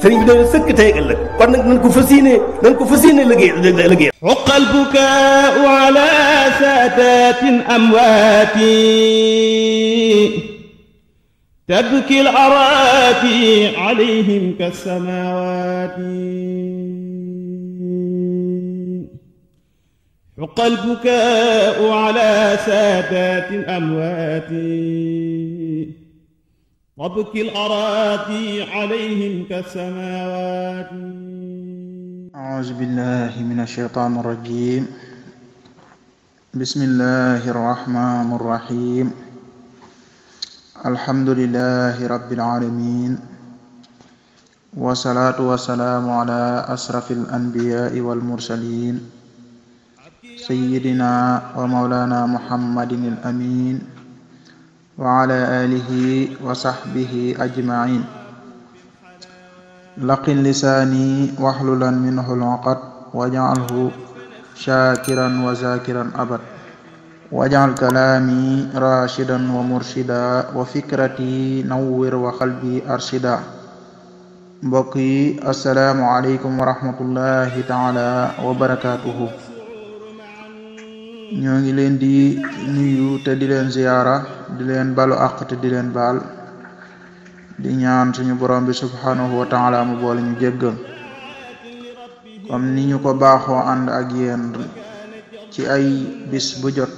sëriñ bi dana sëkk tey ak ëllëg kon nag nañ ko fas yéene nañ ko fas yéene liggéey liggéey uqa albukaau ala saadatin amwaati tabki alaraati alayhim kasamawaati حق البكاء على سادات أمواتي وابكي الأراضي عليهم كالسماوات أعوذ بالله من الشيطان الرجيم بسم الله الرحمن الرحيم الحمد لله رب العالمين والصلاة والسلام على أشرف الأنبياء والمرسلين سيدنا ومولانا محمد الأمين wa ala alihi wa sahbihi ajmain laqin lisaani waxlulan minhu lonqat wajaalhu shaakiran wa zakiran abad wajaal kalaami rashidan wa murshida wa fikrati nawwir wa xalbi arshida mbokk yi asalaamu aleykum wa rahmatullahi taala wa barakatuhu ñoo ngi leen di nuyu te di leen ziyaara di leen balu àq te di leen bal di ñaan suñu borom bi subhanahu wa taala mu boole ñu jéggal comme ni ñu ko baaxoo ànd ak yéen ci ay bis bu jot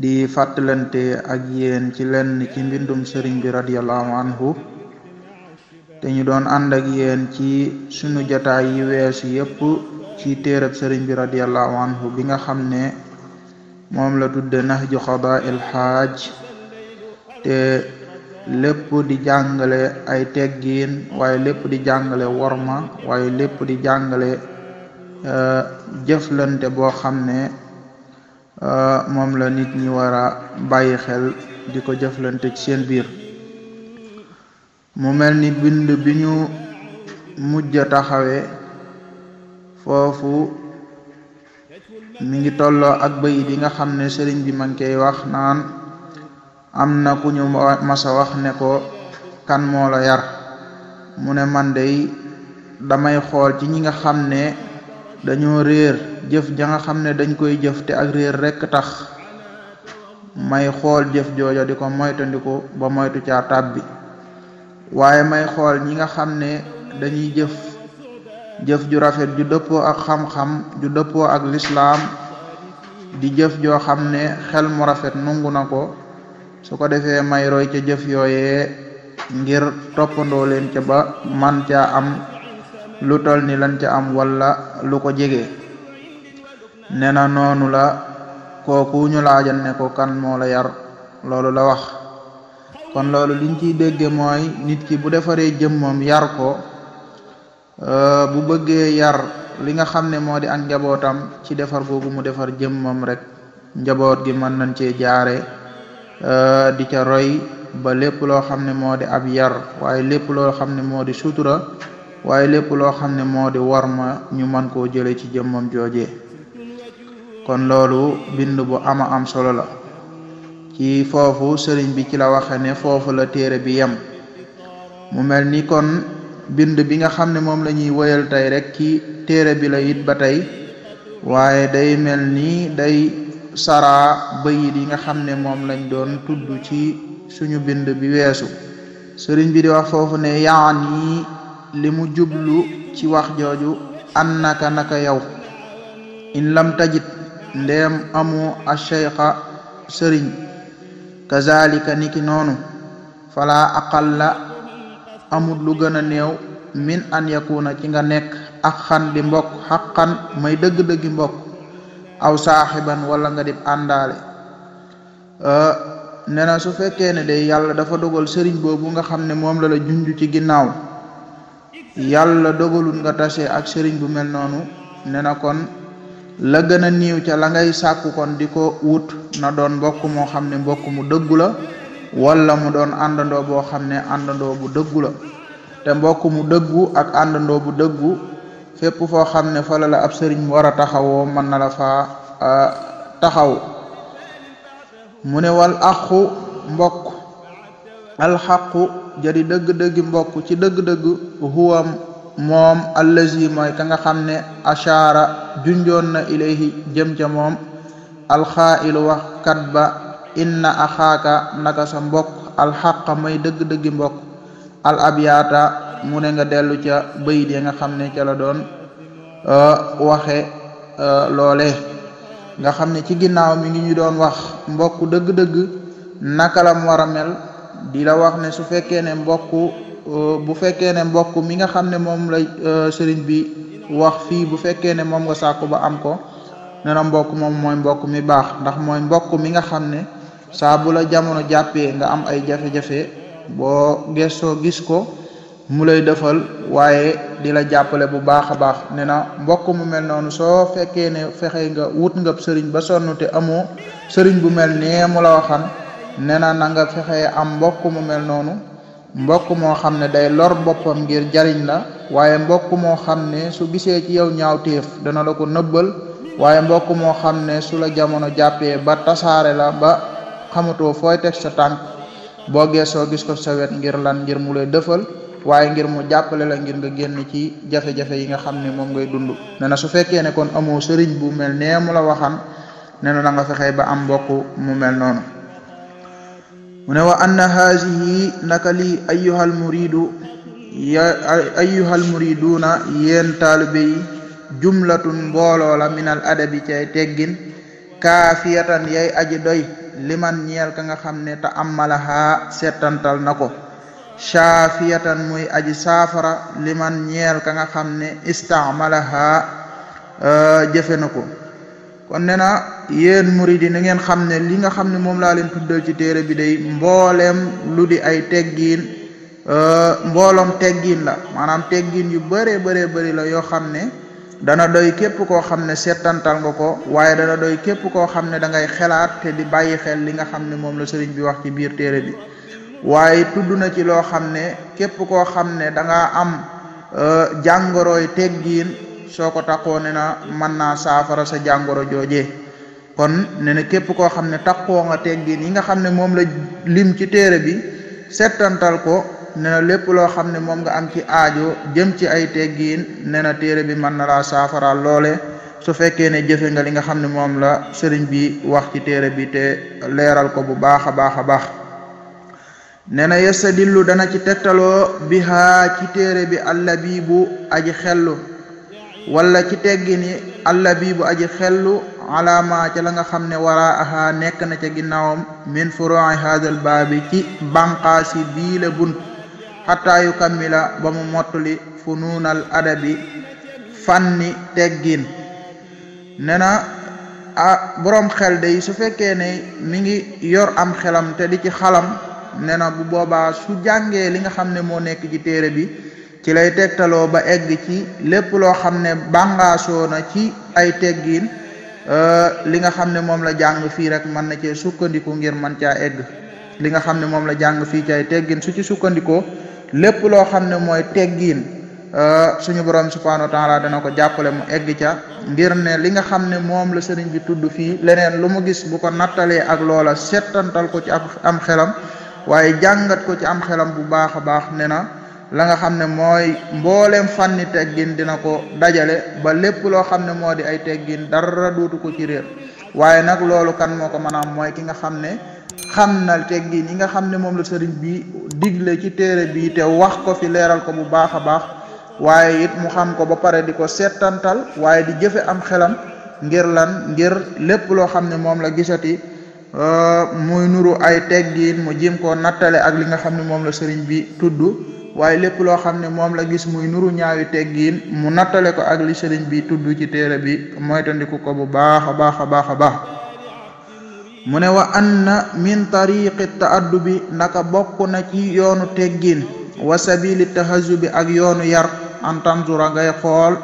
di fàttalante ak yéen ci lenn ci mbindum sëriñ bi radiyallahu anhu te ñu doon ànd ak yéen ci sunu jataay yi weesu yépp ci téerab sëriñ bi radiallahu anhu bi nga xam ne moom la tudde nahju qadaa'il xaaj te lépp di jàngale ay teggiin waaye lépp di jàngale worma waaye lépp di jàngale euh, jëflante boo xam ne euh, moom la nit ñi war a bàyyi xel di ko jëflante ci seen biir mu mel ni bind bi ñu mujj a foofu mi ngi tolloo ak bayit yi nga xam ne sëriñ bi ma ngi koy wax naan am na ku ñu masa wax ne ko kan moo yar mu ne man dey damay xool ci ñi nga xam ne dañoo réer jëf ja nga xam ne dañ koy jëf te ak réer rekk tax may xool jëf joojo di ko moytandiku ba moytu caa tàbbi waaye may xool ñi nga xam ne dañuy jëf jëf ju rafet ju dëppoo ak xam-xam ju dëppoo ak lislaam di jëf joo xam ne xel mu rafet nungu na ko su ko defee may roy ca jëf yooyee ngir toppandoo leen ca ba man caa am lu tol ni lan ca am wala lu ko jege ne na noonu la kooku ñu laajan ne ko kan moo la yar loolu la wax kon loolu liñ ciy dégge mooy nit ki bu defaree jëmmam yar ko Euh, bu bëggee yar li nga xam ne moo di ak njabootam ci defar googu mu defar jëmmam rek njaboot gi mën nañ cee jaare euh, di ca roy ba lépp loo xam ne moo di ab yar waaye lépp loo xam ne moo di sutura waaye lépp loo xam ne moo di war ñu mën koo jële ci jëmmam jooje kon loolu bind bu ama am solo la ci foofu sëriñ bi ci la waxe ne foofu la téere bi yem mu mel ni kon bind bi nga xam ne moom la ñuy woyal tey rek ci téere bi la it ba tey waaye day mel ni day saraa bayit yi nga xam ne moom lañ doon tudd ci suñu bind bi weesu sëriñ bi di wax foofu ne yaan yi limu mu jublu ci wax jooju an naka naka yow in lam tajit ndeem amu acheykha sëriñ kazalika niki noonu fala aqalla amul lu gën a néew min an yakuna ci nga nekk ak xan di mbokk xaqan may dëgg-dëggi mbokk aw saaxiban walla nga dib àndaale euh, nee na su fekkee ne de yàlla dafa dogal sëriñ boobu nga xam ne moom la la junj ci ginnaaw yàlla dogalul nga tase ak sëriñ bu mel noonu nee na kon la gën a niiw ca la ngay sàkku kon di ko wut na doon mbokk moo xam ne mbokk mu dëggu la wala mu doon àndandoo boo xam ne àndandoo bu dëggu la te mbokk mu dëggu ak àndandoo bu dëggu fépp foo xam ne fa la la ab sëriñ war a taxawoo mën na la faa taxaw mu ne wal aqu mbokk alxaqu jadi dëgg-dëggi mbokk ci dëgg-dëgg huwa moom allazi mooy ka nga xam ne achaara junjoon na ilayhi jëm ca moom alxaa'ilu wax kat ba inna axaaka naka sa mbokk alxaqa mooy dëgg-dëggi mbokk al abyaata mu ne nga dellu ca bayit ya nga xam ne ca la doon euh, waxe euh, loole nga xam ne ci ginnaaw mi ngi ñu doon wax mbokk dëgg-dëgg naka la mu war a mel di la wax ne su fekkee ne mbokk euh, bu fekkee ne mbokk mi nga xam ne moom la sëriñ bi wax fii bu fekkee ne moom nga sàkku ba am ko ne mbokk moom mooy mbokku mi baax ndax mooy mbokk mi nga xam ne saa bu la jamono jàppee nga am ay jafe-jafe boo soo gis ko mu lay defal waaye di la jàppale bu baax a baax ne na mbokk mu mel noonu soo fekkee ne fexee nga wut nga sëriñ ba sonn te sëriñ bu mel nee mu la waxan ne nanga na fexe am mbokk mu mel noonu mbokk moo xam ne day lor boppam ngir jariñ la waaye mbokk moo xam ne su gisee ci yow ñaaw téef dana la ko nëbbal waaye mbokk moo xam ne su la jamono jàppee ba tasaare la ba xamatoo fooy teg sa tànk boo geesoo gis ko sawet ngir lan ngir mu lay dëfal waaye ngir mu jàppale la ngir nga génn ci jafe-jafe yi nga xam ne moom ngay dund ne na su fekkee ne kon amoo sëriñ bu mel nee mu la waxan ne na nga fexee ba am mbokk mu mel noonu mu ne wa anna haasihi naka lii ayyuhal muridu ya ayyuhal muriduuna yéen taalibe yi jumlatun mbooloo la minal adabi cay teggin kaafiyatan yay aji doy liman ñeel ka nga xam ne te amalaha settantal na ko caafiyatan muy aji saafara liman ñeel ka nga xam ne istaamalaha euh, jëfe na ko kon ne na yéen murid yi na ngeen xam ne li nga xam ne moom laa leen tuddal ci téere bi day mbooleem lu di ay teggiin euh, mbooloom teggiin la maanaam teggin yu bëree bëree bëri la yoo xam ne dana doy képp koo xam ne seetantal nga ko waaye dana doy képp koo xam ne da ngay xelaat di bàyyi xel li nga xam ne moom la sëriñ bi wax ci biir téere bi waaye tudd na ci loo xam ne képp koo xam ne da ngaa am euh, jàngoroy teggiin soo ko takkoo ne na mën naa saafara sa jàngoro joojee kon ne na képp koo xam ne takkoo nga teggiin yi nga xam ne moom la lim ci téere bi seetantal ko ne lépp loo xam ne moom nga am ci aajo jëm ci ay teggiin ne na téere bi mën na laa saafara loole su fekkee ne jëfe nga li nga xam ne moom la sëriñ bi wax ci téere bi te leeral ko bu baax a baax a baax ne na yestadillu dana ci tegtaloo bihaa ci téere bi allabibu aji xellu wala ci teggi ni allabibu aji xellu alaama ca la nga xam ne wara aha nekk na ca ginnaawam min furu'i hadal baabi ci banqaasi bii la bunt xataa yukammila ba mu mottali funuunal adabi fanni teggin ne na a boroom xel day su fekkee ne mi ngi yor am xelam te di ci xalam ne na bu boobaa su jàngee li nga xam ne moo nekk ci téere bi ci lay tegtaloo ba egg ci lépp loo xam ne bàngaasoo na ci ay teggin e, li nga xam ne moom la jàng fii rek mën na cee sukkandiku ngir mën caa egg li nga xam ne moom la jàng fii ci ay teggin su ci sukkandikoo lépp loo xam ne mooy teggiin euh, suñu borom subhanahu wa taala dana ko jàppale mu egg ca ngir ne li nga xam ne moom la sëriñ bi tudd fii leneen lu mu gis bu ko nattalee ak loola settantal ko ci am xelam waaye jàngat ko ci am xelam bu baax a baax ne na la nga xam ne mooy mbooleem fànni teggin dina ko dajale ba lépp loo xam ne moo di ay teggin dara duutu ko ci réer waaye nag loolu kan moo ko mën a am mooy ki nga xam ne xam na teggin yi nga xam ne moom la sëriñ bi digle ci téere bi te wax ko fi leeral ko bu baax a baax waaye it mu xam ko ba pare di ko seetantal waaye di jëfe am xelam ngir lan ngir lépp loo xam ne moom la gisati euh, muy nuru ay teggin mu jim koo nattale ak li nga xam ne moom la sëriñ bi tudd waaye lépp loo xam ne moom la gis muy nuru ñaawi teggiin mu nattale ko ak li sëriñ bi tudd ci téere bi moytandiku ko bu baax a baax a baax a baax mu ne wa na anna min tariqi taaddubi naka bokk na ci yoonu teggin wa sabili bi ak yoonu yar an tanzura ngay xool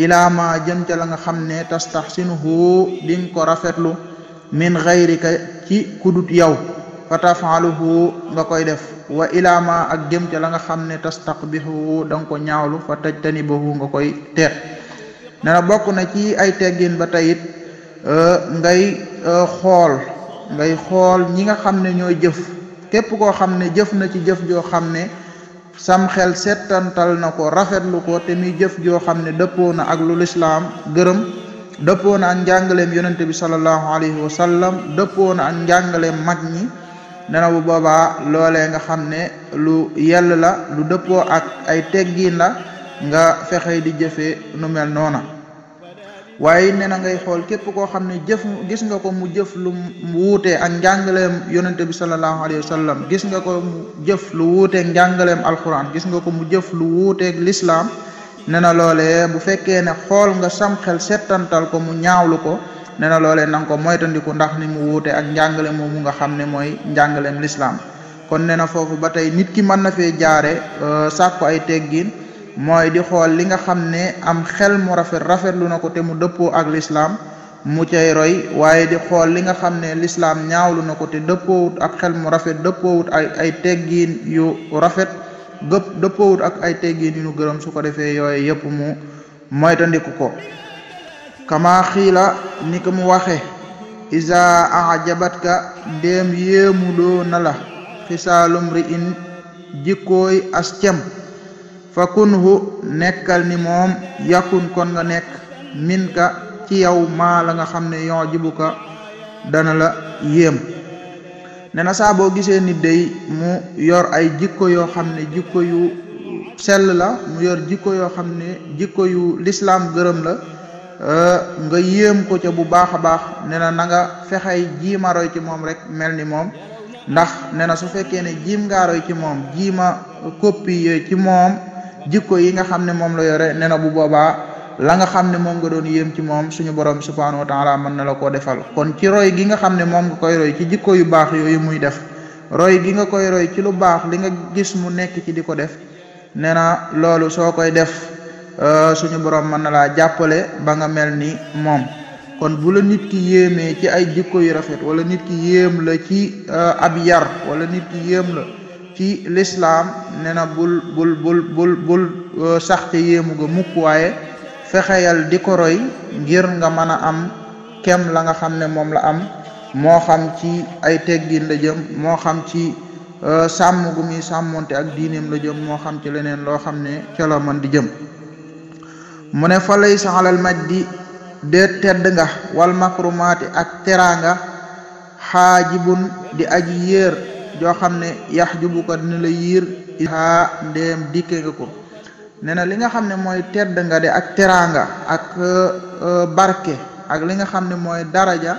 ilaa ma jëm ca la nga xam ne tastahsinuhu din ko rafetlu min gayrika ci kudut yow fa tafaluhu nga koy def wa ilaa ak jëm ca la nga xam ne tastaqbihu da nga ko ñaawlu fa tajtanibahu nga koy teet nena bokk na ci ay teggin ba tayit Euh, ngay euh, xool ngay xool ñi nga xam ne ñooy jëf képp koo xam ne jëf na ci jëf joo xam ne sam xel settantal na ko rafetlu ko te muy jëf joo xam ne dëppoo na ak lu lislaam gërëm dëppoo na ak njàngaleem yonente bi salallahu alayhi wa sallam dëppoo na ak njàngaleem mag ñi nena bu boobaa loole nga xam ne lu yell la lu dëppoo ak ay teggiin la nga fexey di jëfe nu mel noona waaye ne na ngay xool képp koo xam ne jëf gis nga ko mu jëf lu wuutee ak njàngaleem yonente bi sallallahu alayhi wa sallam gis nga ko mu jëf lu wuuteeg njàngaleem alquran gis nga ko mu jëf lu wuuteeg lislaam ne na loolee bu fekkee ne xool nga sam xel settantal ko mu ñaawlu ko ne na loolee na nga ko moytandiku ndax ni mu wuute ak njàngale moomu nga xam ne mooy njàngaleem lislaam kon ne na foofu ba tey nit ki mën na fee jaare euh, sàkku ay teggin mooy di xool li nga xam ne am xel mu rafet rafetlu na ko te mu dëppoo ak lislaam mu cay roy waaye di xool li nga xam ne lislaam ñaawlu na ko te dëppoowut ak xel mu rafet dëppoowut ay ay teggiin yu rafet gëpp dëppoowut ak ay teggiin yu nu gërëm su ko defee yooyu yëpp mu moytandiku ko kama xiila ni ko mu waxe isa ajabatka ndéem yéemuloo na la xisaalum ri in jikkooy as cem fa kunhu nekkal ni moom yakun kon nga nekk minka ci yow maa la nga xam ne yon jibu ka dana la yéem ne na boo gisee nit dey mu yor ay jikko yoo xam ne jikko yu sell la mu yor jikko yoo xam ne jikko yu lislaam gërëm la euh, nga yéem ko ca bu baax a baax nena nanga na nga ci moom rek mel ni moom ndax ne na su fekkee ne jiim nga ci moom jiima koppi ci moom jikko yi nga xam ne moom la yore nee na bu boobaa la nga xam ne moom nga doon yéem ci moom suñu borom subhaanahu wa taala mën na la koo defal kon ci roy gi nga xam ne moom nga koy roy ci jikko yu baax yooyu muy def roy gi nga koy roy ci lu baax li nga gis mu nekk ci di ko def nee na loolu soo koy def euh, suñu borom mën na laa jàppale ba nga mel ni moom kon bu la nit ki yéemee ci ay jikko yu rafet wala nit ki yéem la ci euh, ab yar wala nit ki yéem la ci lislaam ne na bul bul bul bul bul euh, sax ca ga mukk waaye fexeyal di ko roy ngir nga mën a am kem la nga xam ne moom la am moo xam ci ay teggin la jëm moo xam ci euh, sàmm gu muy sàmmoonte ak diineem la jëm moo xam ci leneen loo xam ne ca la mën di jëm mu ne fa lay saxalal maj di de tedd nga wal makrumaati ak teraanga xaajibun di aji yéer joo xam ne yax jubu ko dina la yiir haa ndeem dikke nga ko nee na li nga xam ne mooy tedd nga de ak teraanga ak euh, euh, barke ak li nga xam ne mooy dara ja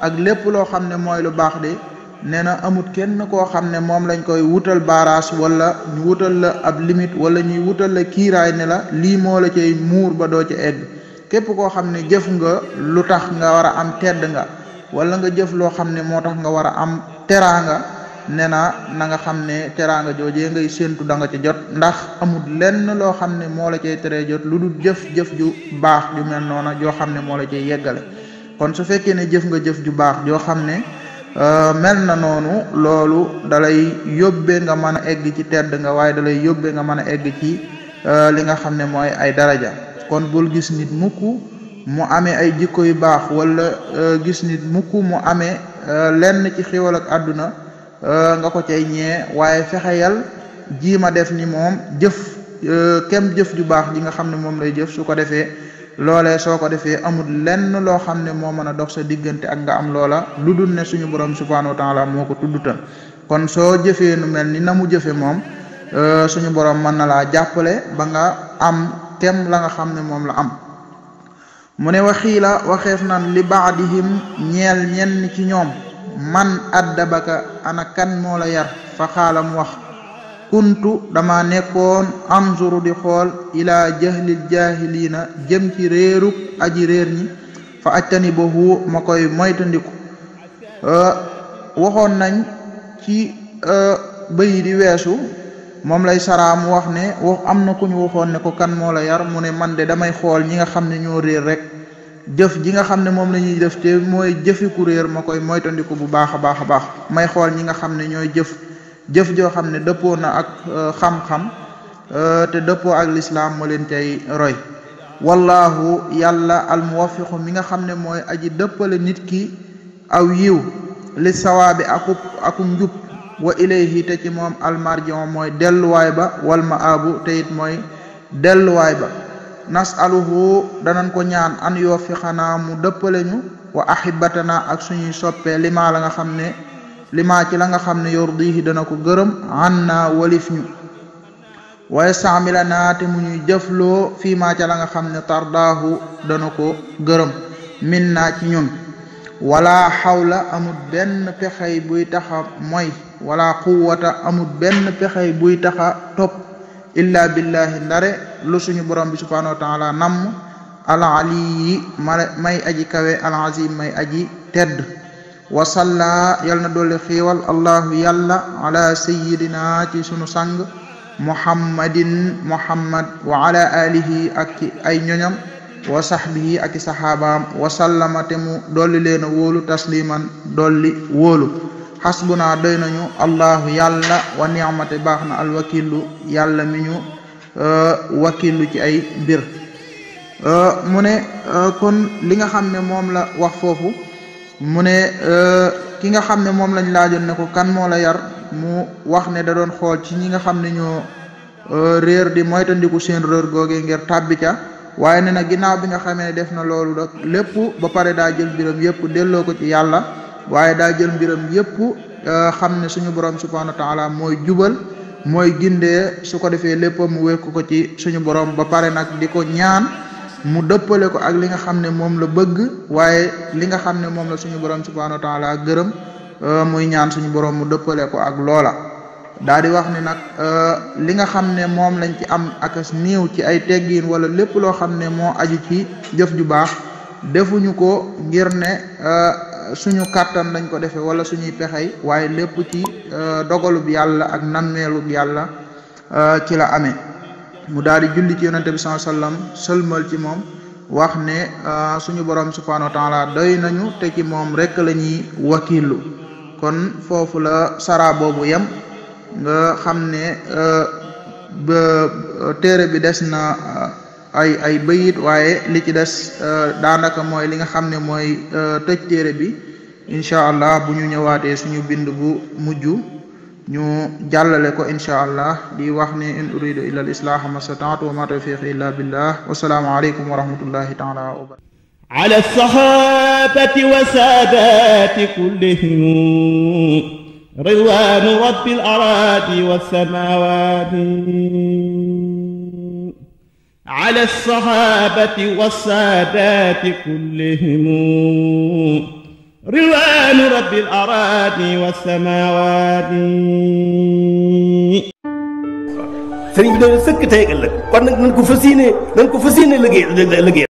ak lépp loo xam ne mooy lu baax de nee na amut kenn koo xam ne moom lañ koy wutal baaraas walla ñu wutal la ab limite wala ñuy wutal la kiiraay ne la lii moo la cay muur ba doo ci egg képp koo xam ne jëf nga lu tax nga war a am tedd nga wala nga jëf loo xam ne moo tax nga war a am teraanga ne na na nga xam ne teraanga joojee ngay séentu danga nga ci jot ndax amul lenn loo xam ne moo la cay teree jot lu dul jëf-jëf ju baax ju mel noona joo xam ne moo la cay yeggale kon su fekkee ne jëf nga jëf ju baax joo xam ne euh, mel na noonu loolu dalay yóbbe nga mën a egg ci tedd nga waaye dalay yóbbee nga mën a egg ci euh, li nga xam ne mooy ay daraja kon bul gis nit mukk mu amee ay jikko yu baax wala euh, gis nit mukk mu amee lenn ci xéwal ak àdduna Euh, nga ko cay ñee waaye fexeyal jiima def ni moom jëf euh, kem jëf ju baax ji nga xam ne moom lay jëf su ko defee loolee soo ko defee amul lenn loo xam ne moo mën a dox sa diggante ak nga am loola lu dul ne suñu borom subhanahu wa taala moo ko tudduta kon soo jëfee nu mel ni na mu jëfe moom euh, suñu borom mën na laa jàppale ba nga am kem la nga xam ne moom la am mu ne waxiila waxeef na li baax di baadihim ñeel ñenn ci ñoom man addabaka ana kan moo yar fa xaala mu wax kuntu dama nekkoon anzuru di xool ilaa jahlil jaahiliina jëm ci réeruk aji réer ñi fa ajtani ba hu ma koy moytandiku waxoon nañ ci bëy di weesu moom lay saraam wax ne wax am na ku ñu waxoon ne ko kan moola yar mu ne man de damay xool ñi nga xam ne ñoo réer rek jëf ji nga xam ne moom lañuy ñuy def te mooy jëfi kuréer ma koy moytandiku bu baax a baax a baax may xool ñi nga xam ne ñooy jëf jëf joo xam ne dëppoo na ak euh, xam-xam euh, te dëppoo ak lislaam moo leen tey roy wallahu yàlla almuwafiqu mi nga xam ne mooy aji dëppale nit ki aw yiw li sawaabi akub akum njub wa ilayhi te ci moom almarjion mooy delluwaay ba wal ma abu te mooy delluwaay ba nasaluhu danañ ko ñaan an yoo xanaa mu dëppale ñu wa ahibatana ak suñuy soppee limaa la nga xam ne limaa ci la nga xam ne yurdihi dana ko gërëm na walif ñu waaye saamila te mu ñuy jëfloo fii maa la nga xam ne tardaahu dana ko gërëm min naa ci ñun wala xawla amul benn pexey buy taxa moy wala quwata amul benn pexey buy taxa topp illa billahi ndare lu suñu borom bi subhanahu wa taala namm al aliyi may aji kawe al azim may aji tedd wa salla yal na xiiwal allahu yàlla ala sayidina ci suñu sang muhammadin muhammad wa ala alihi ak ci ay ñoñam wa sahbihi ak i wa sallama te dolli leen a tasliman dolli wóolu xasbuna doy nañu allahu yàlla wa ni'mate baax na alwakilu yàlla mi ñu euh, wakilu ci ay mbir euh, mu ne euh, kon li nga xam ne moom la wax foofu mu ne ki nga xam ne moom lañ laajoon ne ko kan moo la yar mu wax ne da doon xool ci ñi nga xam ne ñoo réer di moytandiku seen réer googee ngir tàbbi ca waaye ne na ginnaaw bi nga xamee ne def na loolu rek lépp ba pare daa jël biram yépp delloo ko ci yàlla waaye daa jël mbiram yépp euh, xam ne suñu borom subhanahu wa taala mooy jubal mooy gindee su ko defee lépp mu wékku ko ci suñu borom ba pare nag di ko ñaan mu dëppale ko ak li nga xam ne moom la bëgg waaye li nga xam ne moom la suñu borom subhanahu wa taala gërëm euh, muy ñaan suñu borom mu dëppale ko ak loola daa di wax ne nag euh, li nga xam ne moom lañ ci am akas niiw ci ay teggiin wala lépp loo xam ne moo aju ci jëf ju baax defuñu ko ngir ne suñu kàttan lañ ko defee wala suñuy pexey waaye lépp ci euh, dogalub yàlla ak nammeelub yàlla euh, ci la amee mu daal di julli ci yonente bi sallallahu alayhi wasallam sëlmal ci moom wax ne euh, suñu borom subhanahu wa doy nañu te ci moom rek lañuy ñuy kon foofu la sara boobu yem nga xam ne ba téere bi des na ay ay bayit waaye li ci des euh, daanaka mooy li nga xam ne mooy euh, tëj téere bi incha allah bu ñu ñëwaatee ñu bind bu mujj ñu jàllale ko incha allah di wax ne in uridu illa al islaaha ma stataatu ma tawfiqi illa billah wasalaamu aleykum wa rahmatullahi wa barakatuh على الصحابة والسادات كلهم رضوان رب الأراضي والسماوات sëriñ bi dañu sëkk tey ëllëg kon nag nañ ko fas yéene nañ ko fas yéene liggéey liggéey